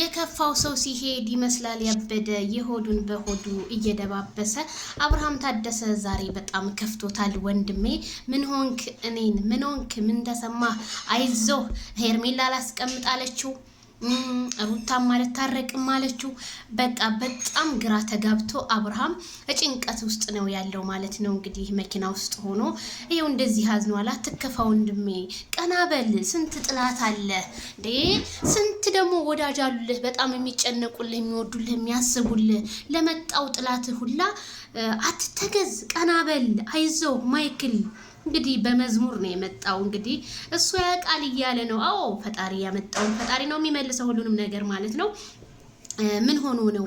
የከፋው ሰው ሲሄድ ይመስላል ያበደ የሆዱን በሆዱ እየደባበሰ። አብርሃም ታደሰ ዛሬ በጣም ከፍቶታል። ወንድሜ ምን ሆንክ? እኔን ምን ሆንክ? ምን ተሰማህ? አይዞህ ሄርሜላ ላስቀምጣለችው ሩታም ማለት ታረቅም ማለችው በቃ በጣም ግራ ተጋብቶ አብርሃም ጭንቀት ውስጥ ነው ያለው ማለት ነው። እንግዲህ መኪና ውስጥ ሆኖ ይኸው እንደዚህ አዝኗል። አትከፋ ወንድሜ፣ ቀናበል ስንት ጥላት አለ እንዴ! ስንት ደግሞ ወዳጅ አሉልህ፣ በጣም የሚጨነቁልህ፣ የሚወዱልህ፣ የሚያስቡልህ። ለመጣው ጥላት ሁላ አትተገዝ፣ ቀናበል በል፣ ማይክል እንግዲህ በመዝሙር ነው የመጣው። እንግዲህ እሱ ያውቃል እያለ ነው። አዎ ፈጣሪ ያመጣውን ፈጣሪ ነው የሚመልሰው ሁሉንም ነገር ማለት ነው። ምን ሆኖ ነው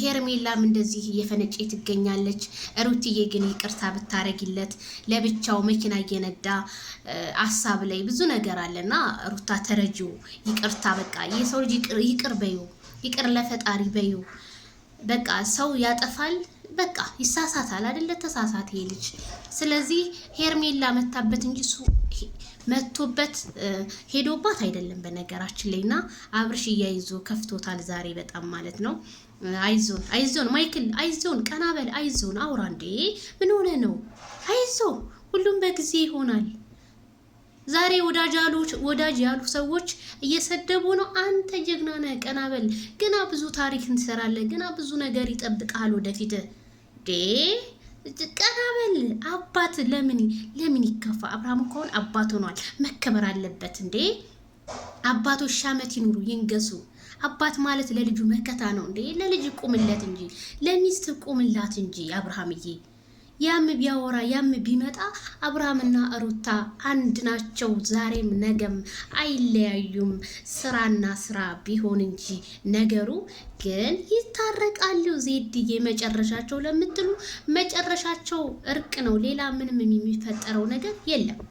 ሄርሜላም እንደዚህ እየፈነጨ ትገኛለች? ሩትዬ ግን ይቅርታ ብታረጊለት ለብቻው መኪና እየነዳ አሳብ ላይ ብዙ ነገር አለና ሩታ ተረጂው ይቅርታ፣ በቃ የሰው ልጅ ይቅር በዩ፣ ይቅር ለፈጣሪ በዩ። በቃ ሰው ያጠፋል በቃ ይሳሳታል አይደለ? ተሳሳት ይሄ ልጅ። ስለዚህ ሄርሜላ መታበት እንጂ እሱ መቶበት ሄዶባት አይደለም። በነገራችን ላይ እና አብርሽ እያይዞ ከፍቶታል ዛሬ በጣም ማለት ነው። አይዞን አይዞን ማይክል አይዞን፣ ቀናበል አይዞን፣ አውራ እንዴ ምን ሆነ ነው? አይዞ ሁሉም በጊዜ ይሆናል። ዛሬ ወዳጅ ወዳጅ ያሉ ሰዎች እየሰደቡ ነው። አንተ ጀግና ነህ፣ ቀና ገና ብዙ ታሪክ እንሰራለን። ገና ብዙ ነገር ይጠብቃል ወደፊት ዴ ቀና አባት ለምን ለምን ይከፋ? አብርሃም ከሆነ አባት ሆኗል፣ መከበር አለበት እንዴ። አባቶች ሺህ ዓመት ይኑሩ ይንገሱ። አባት ማለት ለልጁ መከታ ነው እንዴ። ለልጅ ቁምለት እንጂ ለሚስት ቁምላት እንጂ አብርሃምዬ ያም ቢያወራ ያም ቢመጣ አብርሃምና ሩታ አንድ ናቸው። ዛሬም ነገም አይለያዩም። ስራና ስራ ቢሆን እንጂ ነገሩ ግን ይታረቃሉ። ዜድዬ መጨረሻቸው ለምትሉ መጨረሻቸው እርቅ ነው። ሌላ ምንም የሚፈጠረው ነገር የለም።